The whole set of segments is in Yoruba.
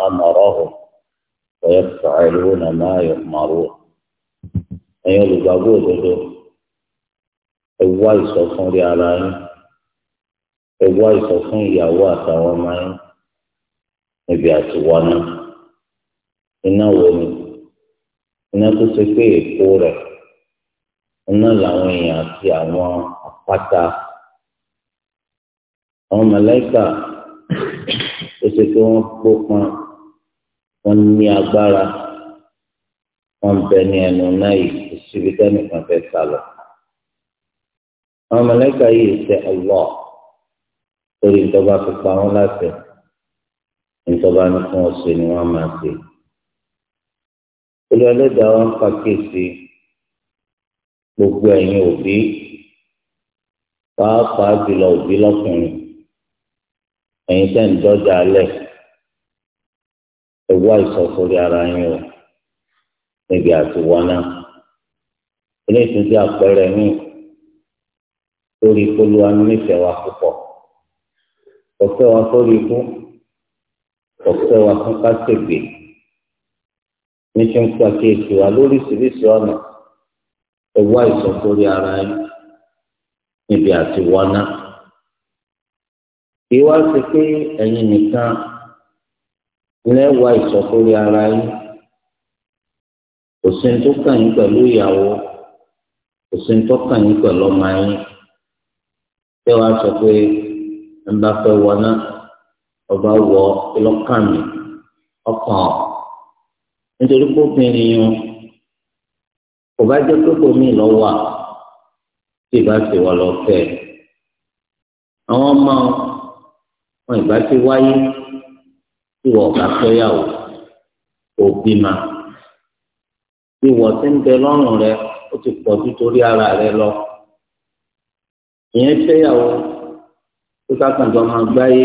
أمرهم ويفعلون ما يؤمرون ẹ̀yin olùgbàgbọ́ òdodo ẹ wá ìsọfún rí ara yín ẹ wá ìsọfún ìyàwó àtàwọn ọmọ yín níbi àtiwọ́ náà iná wo ni iná tó ṣe pé èkó rẹ̀ iná làwọn èèyàn àti àwọn àpáta àwọn mọ̀lẹ́kà tó ṣe pé wọ́n gbópọn wọ́n ní agbára wọ́n bẹ ní ẹnu náà yìí síbi tẹ́nìkan fẹ́ sá lọ. àwọn mọ̀lẹ́kà yìí ṣe ọlọ́ torí ìjọba fi pa wọ́n láṣẹ ìjọba ní fún ọ̀sẹ̀ ni wọ́n máa ṣe. olú ẹlẹ́dàá wọn pàkíyèsí gbogbo ẹ̀yin òbí pàápàá jùlọ òbí lọ́kùnrin ẹ̀yin tẹ́ ń dọ́jà alẹ́ ẹ wá ìsọfúnni ara yín o níbi àti wọnà eléyìí tó jẹ́ àpẹẹrẹ míì lórí polúwa nífẹ̀ẹ́ wa púpọ̀ ọ̀fẹ́ wa sórí ikú ọ̀fẹ́ wa fún kásẹ̀gbè ní ṣe ń pa kéèkì wa lóríṣiríṣi ọ̀nà ẹ wá ìsọfúnni ara yín níbi àti wọnà kí wá ṣe pé ẹ̀yin nìkan lẹ́wà ìsọ̀kórí ara yín kò sí ní tó kàn yín pẹ̀lú ìyàwó kò sí tó kàn yín pẹ̀lú ọmọ yín tẹ́ wàá sọ pé ẹ bá fẹ́ wọ náà ọba wọ ọlọ́kàn mi ọkàn nítorí pé obìnrin yín kò bá jẹ́ pé kò ní ìlọ́wà tí ìbá ti wà lọ́fẹ̀ẹ́ àwọn ọmọ wọn ìbá ti wáyé tí wọ́n bá fẹ́yàwó òbí ma tí wọ́n ti ń bẹ lọ́rùn rẹ ó ti pọ̀ ju torí ara rẹ lọ ìyẹn fẹ́yàwó tó kákàndọ̀ máa gbáyé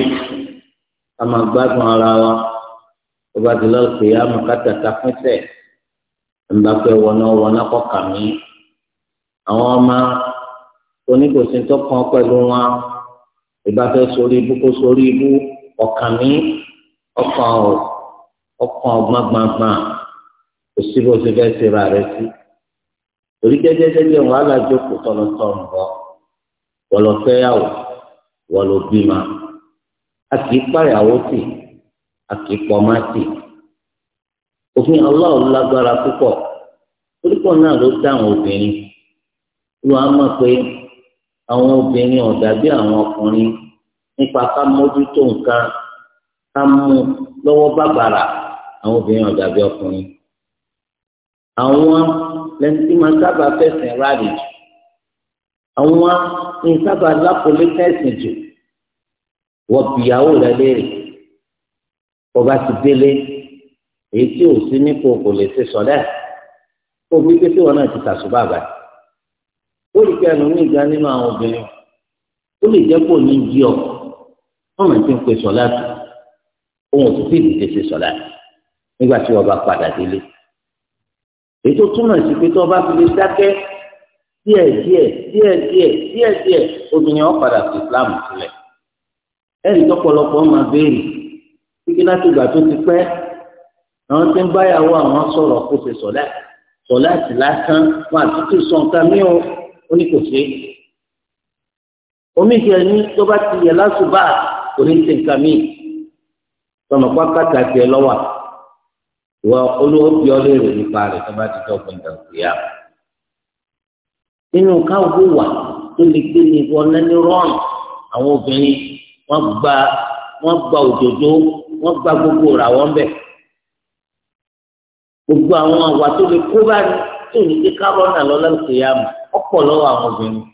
ká máa gbádùn ara wa tó bá ti lọ́ọ́ pè é àmọ́ kátàkà fúnṣẹ́ ńlá pé wọná wọná kọ́kà mí àwọn ọmọ oníkòsí tó pẹ̀lú wọn ìbáfẹ́ sórí ibú kó sórí ibú ọ̀kà mí ọkàn ọ ọkàn ọgbọn gbangban kò sí bó ṣe fẹ́ ṣe ra rẹ sí torí jẹjẹjẹ bí wọn alájókòó tọlọtọrùn bọ wọlọ fẹyàwó wọlọ bímọ a kì í pàyàwó tì a kì í pọmá tì òfin ọlọ́run lágbára púpọ̀ orúkọ náà ló dá àwọn obìnrin ló wá mọ̀ pé àwọn obìnrin ọ̀dà bí àwọn ọkùnrin nípa ká mójútó nǹkan ká mú lọ́wọ́ bàbàrà àwọn obìnrin ọ̀dà bí ọkùnrin àwọn lẹni tí máa sábà fẹsẹ̀ ráàlì jù àwọn ní sábà lápòlé tẹ̀sìn jù wọ́n bìyàwó rẹ léèrè ọba ti délé èyí tí ò sí nípò kò lè ṣe sọ̀dẹ̀ kó bí pé tí wọn náà ti tàṣùbà báyìí ó lè kí ẹnu ní ìgbà nínú àwọn obìnrin ó lè jẹ́ kó ní jí ọ wọ́n máa ti ń pè sọ̀dẹ̀ òun ò sì dìde ṣe sọ̀lá nígbà tí wọ́n bá padà délé ètò túmọ̀ sí pé tí wọ́n bá fi lè dákẹ́ díẹ̀ díẹ̀ díẹ̀ díẹ̀ díẹ̀ díẹ̀ obìnrin wọn padà sí Islam sílẹ̀ ẹ̀rí tọ́pọ̀lọpọ̀ máa béèrè kíkí láti ìgbà tó ti pẹ́ àwọn tí ń báyàwó àwọn sọ̀rọ̀ kó ṣe sọ̀lá sọ̀lá sí lásán wọn àtúntò sọ nǹkan mí o ó ní kò ṣe é omi ìjẹ tó bá ti yẹ lásùbà kò ní ṣe nǹkan míì tọmọ pákàtà tiẹ̀ lọ́wọ́ wọ olówó bí ọlẹ́rè nípa rẹ̀ tó bá ti dọ́gbọ̀n dàgbéyà. nínú káwọ́ wà tó lè gbé ní ìwọ lẹ́ni rọ́ọ̀nù àwọn obìnrin wọ́n gba wọ́n gba òjòjò wọ́n gba gbogbo ràwọ́ ńbẹ̀. gbogbo àwọn àwà tó lè kó bá ní tó ní kí kárọ̀ náà lọ́lá ìṣèyá mọ̀ ọ̀pọ̀ lọ́wọ́ àwọn obìnrin.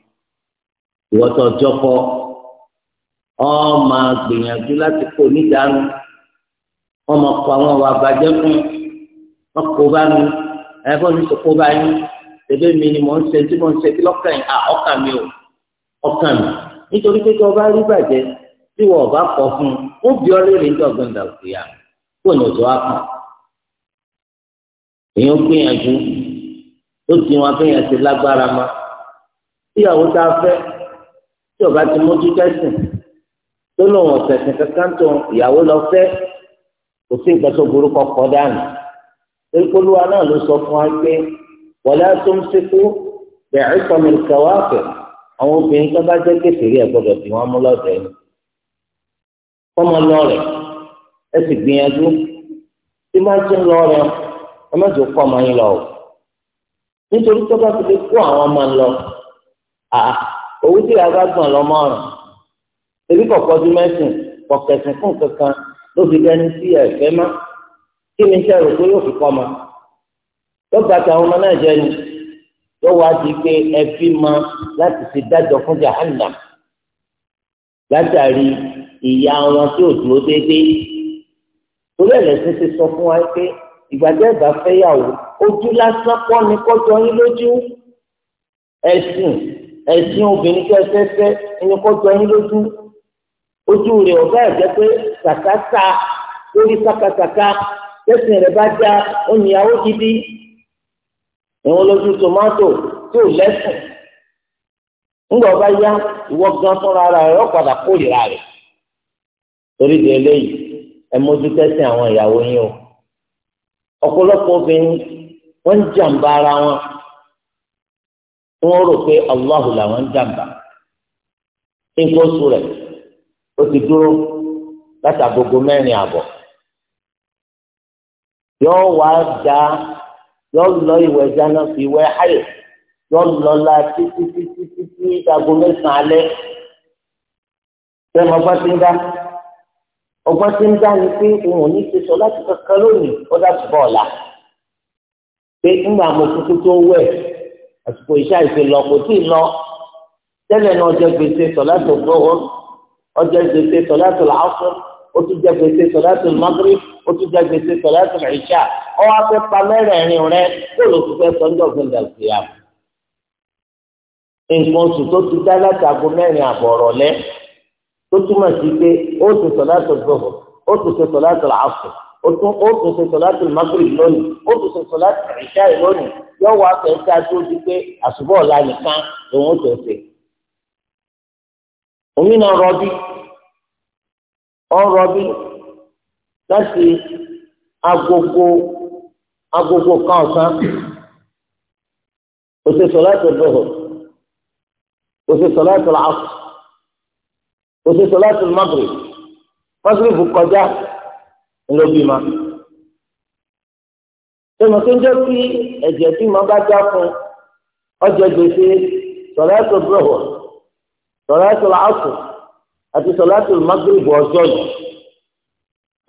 ìwọ́tọ̀ ọjọ́ ọ máa gbìyànjú láti kó onídàánú wọn mọ kọ àwọn ọwọ àbàjẹ fún wọn kó bá mi ẹgbọn mi sọkó bá yín tẹbẹ mi ni mò ń ṣe tí mò ń ṣe kí lọkàn yìí à ọkàn mi ò ọkàn mi nítorí pé tí ọba rí bàjẹ́ tí wọn ọba kọ fún un ó bí ọ lórí ní ọgbọn ìdàgbé yà kó ní ọjọ́ àpọn èèyàn gbìyànjú ó ti wọn abẹ́yẹn ti lágbára ma tíyàwó tá a fẹ́ tí ọba ti mójú tẹ́sìn tó lọ́wọ́ ọ̀sẹ̀ kankan tó ìyàwó lọ fẹ́ kò sí nǹkan tó burú kọkọ dànù erékolúwa náà ló sọ fún wa pé wọlé tó ń sekú bẹ̀rẹ̀ sọmi kẹwàá fẹ̀ àwọn obìnrin tó bá jẹ́ kékeré ẹ̀ gbọ́dọ̀ tí wọ́n mú lọ́dọ̀ ẹ̀ fọmọ lọ́rẹ̀ ẹ sì gbìyànjú tí máa ti ń lọ́rẹ̀ ẹ má ti kọ́ ọmọ yín lọ o nítorí tó bá ti lè àwọn ọmọ lọ owó tí a bá gbọ̀n lọ́mọ ọ̀ràn kọ̀kọ́ ọdún mẹ́sìn kọ̀kẹ́sìn fún kankan ló fi dání sí ẹ̀fẹ́ má kí ni iṣẹ́ rò pé yóò fi kọ́ ma yóò gba àtàwọn ọmọ náà jẹ ni yóò wá di pé ẹbí ma láti fi dájọ́ fún jahannam látàrí ìyá wọn tí ò dúró déédéé torí ẹlẹ́sìn ti sọ fún wa pé ìgbàjẹ́ ìgbà fẹ́yàwó ojú lásán pọ́ ni kọjọ yín lójú ẹ̀sìn ẹ̀sìn obìnrin kẹsẹsẹ ni kọjọ yín lójú ojú rẹ̀ ọ̀gá ẹ̀jẹ̀ pé sàkásà lórí sàkásàká tẹ̀sìn rẹ̀ bá já oníyàwó gidi ìwọ̀n lójú tòmátò tó lẹ́sìn ńgbà ọba yá ìwọ gan fúnra rẹ̀ ọ padà kórìíra rẹ̀ torí di eléyìí ẹ mójú tẹ̀sìn àwọn ìyàwó yín o ọ̀pọ̀lọpọ̀ obìnrin wọ́n ń jàǹbá ara wọn wọ́n rò pé Allahu làwọn ń jàǹbá nǹkan oṣù rẹ̀ ó ti dúró láti agogo mẹ́rin àbọ̀ yóò wá da yóò lọ ìwẹ̀ jáná fi wẹ̀ ayọ̀ yóò lọ la títí títí títí dago mẹ́sàn án alẹ́ sẹ́mi ọgbọ́n ti ń dá ọgbọ́n ti ń dá ni pé òun ò ní ṣe sọ láti kankan lónìí ọ̀dà túbọ̀ ọ̀la pé ńgbà mo kúkú tó wẹ̀ àsìkò iṣẹ́ àìsè lọ kò tí ì lọ tẹ́lẹ̀ náà ọjọ́ gbèsè sọ láti ògbó ọjọ́ gbèsè sọ láti làásùn ó tún jẹ gbèsè sọ̀láṣì magre ó tún jẹ gbèsè sọ̀láṣì ìṣà ọ wá fẹ́ pa mẹ́rẹ̀ẹ̀rin rẹ kó ló ti fẹ́ sọ́njọ́ gbẹ̀dẹ̀ ìyá. nǹkan oṣù tó ti dá látàgò mẹ́rin àbọ̀rọ̀ lẹ́ tó túmọ̀ sí pé ó tún sọ̀láṣì gbọ̀hùn ó tún ṣe sọ̀láṣì àṣù ó tún ṣe sọ̀láṣì magre lónìí ó tún ṣe sọ̀láṣì ìṣà lónìí yóò wá fẹ́ ṣáájú ó di pé àṣùbọ̀ ọ̀la nìkan lòun ó òmìnira rọbí ọ̀rọ̀ bí láti agogo agogo kan ọ̀sán òsè sọláàtì dùhù òsè sọláàtì làásù òsè sọláàtì magre fásitì kọjá ńlọbí ma sọmọ tó ń jẹ kí ẹ̀jẹ̀ tí màá bá já fún ọjọ́ gbèsè sọláàtì dùhù sọláàtì làásù àti sọláàtì magrib ọjọ́ yìí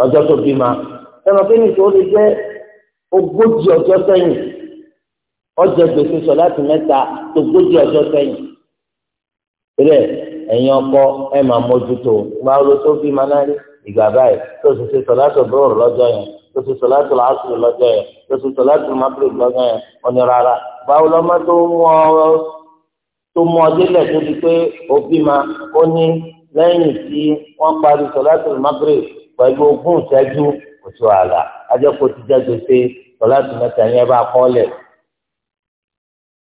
ọjọ́ tó bí ma ẹnì pé nìkan ó lè jẹ́ ogójì ọjọ́ sẹ́yìn ọjọ́ gbèsè sọláàtì mẹ́ta tó ogójì ọjọ́ sẹ́yìn rẹ̀ ẹ̀yin ọkọ ẹ̀ máa mójútó gbàrú tó bí ma náà rí ìgbà báyìí tó sì ṣe sọláàtì bọ́ọ̀rù lọ́jọ́ yẹn tó sì sọláàtì làásù lọ́jọ́ yẹn tó sì sọláàtì magrib lọ́jọ́ yẹn ọ̀nì rárá báwo lọ́mọ tó mú ọ tó mú ọ délẹ̀ tó di pé òbí ma ó ní lẹ́yìn tí wọ́n parí sọ̀láṣọ̀ Maghrib pẹ̀lú ogún ìṣẹ́jú kò sí wàhálà ajẹ́kọ̀ọ́ ti jẹ́ gbèsè sọ̀láṣọ̀ mẹ́ta yẹn bá kọ́ lẹ̀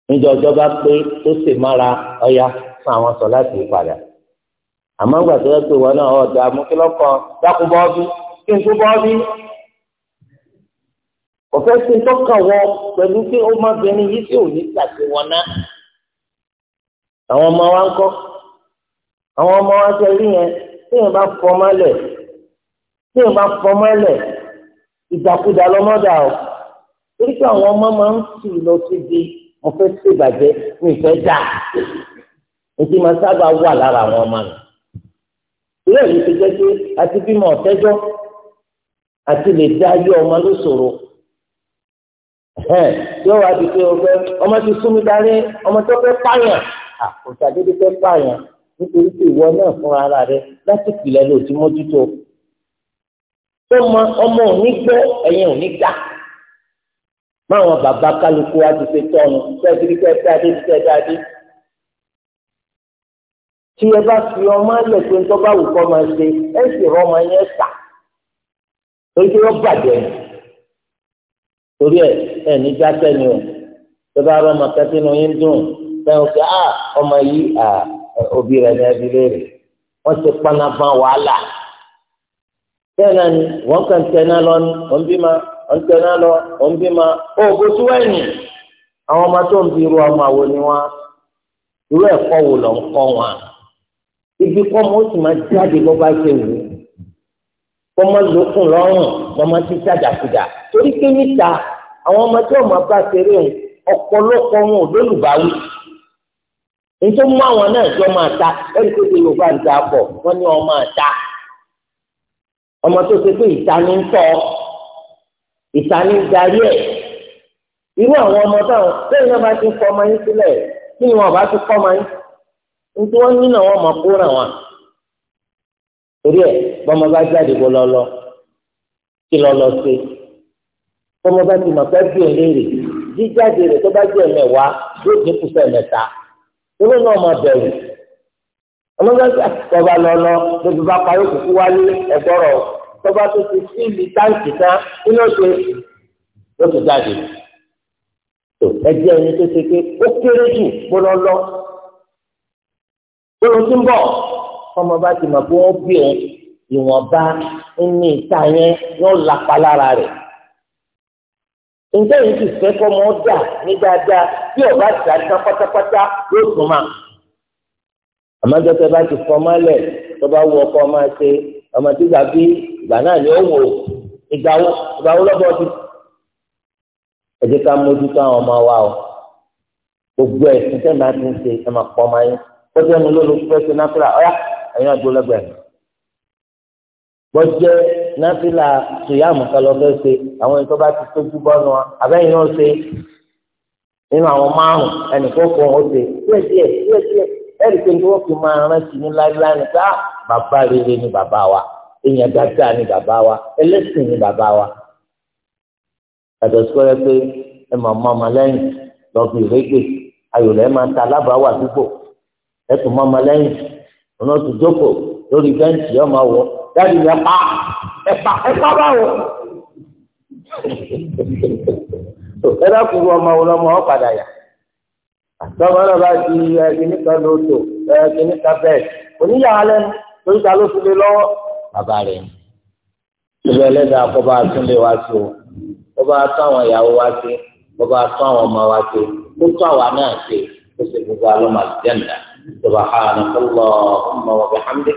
níjọ ọjọ́ bá pé tó sì mára ọya fún àwọn sọ̀láṣọ̀ yìí padà àmọ́ gbà tó yẹ pé wọn náà ọ̀dà amúkílọ́kọ̀ dákú bọ́ọ̀bí kí n kú bọ́ọ̀bí kò fẹ́ sí tọ́ka wọ pẹ̀lú pé ó má bẹni yìí tí ò ní tàbí wọn ná àwọn ọmọ wa ń kọ́ àwọn ọmọ wa ṣe rí yẹn téèyàn bá fọ mọ́lẹ̀ téèyàn bá fọ mọ́lẹ̀ ìdàkudà lọ́mọ́dà o torí pé àwọn ọmọ máa ń tù lọ síbi mo fẹ́ ṣèbàjẹ́ mi fẹ́ dà ètò ìmọ̀ sábà wà lára àwọn ọmọ mi ìwé ìlú ti jẹ́ pé àti bímọ ọ̀tẹ́jọ́ àti lè dá ayé ọmọ ló ṣòro yóò wá di pé ọmọ ti sún mi darí ọmọ tó fẹ́ pààyàn àkùtà dédé fẹ́ pààyàn nítorí pé ìwọ náà fúnra ara rẹ láti pìlẹ̀ lò tí mójútó tó mọ ọmọ òní gbọ́ ẹ̀yin òní gbà máwọn bàbá kálukú wa ti ṣe tọ́nu tẹ́tìrì tẹ́tàdé tẹ́tàdé tí ẹ bá fi ọmọ alẹ̀ pé tó bá wù kọ́ máa ṣe ẹ sì rọ́mọ yẹn sà ojú yóò bàjẹ́ ni torí ẹ ẹ ní jákẹ́ ni o tó bá rọ́mọ kẹ́tínú yín dùn bẹ́ẹ̀ o ṣe ọmọ yìí ah, òbí rẹ̀ ní ẹbí léèrè wọ́n ti panabá wàhálà bẹ́ẹ̀ náà ni wọ́n kàn tẹná lọ ní wọ́n bí ma wọ́n tẹná lọ wọ́n bí ma ó bó tó ẹ̀yìn àwọn ọmọ tó ń bi irú ọmọ àwọn ni wọn irú ẹ̀kọ́ wo lọ ń kọ́ wọn ibi kọ́ mọ́ ó sì máa jáde bó bá ṣe wù ú kọ́ mọ́ lókun lọ́rùn kọ́ mọ́ ti jàjàkújà torí pé níta àwọn ọmọ tí ọmọ bá ṣeré ọ̀pọ̀lọpọ̀ wọn ò lólùbáwí ètò mú àwọn náà tí ọmọ àta ẹni tó ti yorùbá ń ta pọ̀ wọ́n ní ọmọ àta ọmọ tó ṣe pé ìtaní ń tọ́ ìtaní ń darí ẹ̀ irú àwọn ọmọ táwọn lẹ́yìn náà bá ti ń kọ́ ọmọ yín sílẹ̀ kí ni wọn bá ti kọ́ ọmọ yín nítorí wọ́n nínú àwọn ọmọ kó ràn wọn torí ẹ̀ bọ́mọ bá jáde bó lọ lọ kí lọ lọ sí bọ́mọ bá ti mọ̀ pé bí òun léèrè jíjáde rẹ̀ tó bá jẹ́ ẹ̀mẹ̀wá yóò dínkù sẹ́ẹ̀mẹ̀ta ilé náà ma bẹ̀rù ọlọ́gbẹ́sẹ̀ ah, tọba lọ́lọ́ lóbi bá parí òkùnkùn wálé ẹ̀gbọ́rọ̀ tọba tó ti fíìlì táǹkì tán iná ṣe yóò tó jáde tó ẹjẹ́ ẹni tó ṣe pé ó kéré jù gbọ́dọ̀ lọ gbọ́dọ̀ tó ń bọ̀ ọmọ bá ti mọ̀ pé wọ́n bí òun ìwọ̀nba ní ìta yẹn yóò lápa lára rẹ̀ ǹjẹ́ yìí ti fẹ́ kọ́ mọ́ dà ní dáadáa bí ọba dà ní pátápátá yóò tún ma. àmọ́jọ́ tẹ bá ti fọ́ mọ́lẹ̀ tó bá wù ọkọ máa ṣe ọmọ tí gbà bí ìgbà náà ni ó wò ìgbà wo ìgbà wo lọ́bọ̀ ti. ẹ jẹ́ ká mójútó àwọn ọmọ wa o gbogbo ẹ̀sìn tẹ́ máa ti ń ṣe ẹ máa pọ̀ máa yín kọjá ẹnu ló ló fẹ́ ṣe náfúrà ọ̀yá ẹ̀yin àgbọ̀lẹ́gbẹ̀ẹ́ náfìlà tùyàmù kálọ̀ fẹ́ ṣe àwọn ètò bá ti tójú bọ́nu wa àbẹ́yìn náà ṣe nínú àwọn márùn ẹnìkan kan ó ṣe díẹ̀ díẹ̀ díẹ̀ díẹ̀ ẹ̀rí pé ní wọ́n fi máa rántí ní láíláí ní ká ah, bàbá rere ni bàbá wa èèyàn dáadáa ni bàbá wa ẹlẹ́sìn ni bàbá wa. yàtọ̀ sí pẹ́rẹ́ pé ẹ máa mọ ọmọ lẹ́yìn lọ bí ìrẹ́gbẹ̀ ayò lẹ́ máa ta alábàáwà àdúgbò ẹ tún mọ ọmọ lẹ́yìn ọ̀nà tó jókòó lórí bẹ́ǹtì yọ máa láti yẹ pa ẹ̀pà ẹ̀pà báwo. ẹ dákun lu ọmọ ọlọmọ ọ padà yà àtọ́mọ náà bá di ẹgbẹ́ nípa lóto ẹgbẹ́ nípa bẹ́ẹ̀ oníyàwó lẹ́nu lórí ta ló fi lé lọ́wọ́ bàbá rẹ̀ ìlú ẹlẹ́dàá kó bá tún lé wa sí o kó bá tún àwọn ìyàwó wa sí kó bá tún àwọn ọmọ wa sí kó tún àwa náà sí kó sì gbogbo alọ́mọ àti jẹ́ǹdà tó bá ha àná ọmọ wa bẹ̀ hàmdẹ́.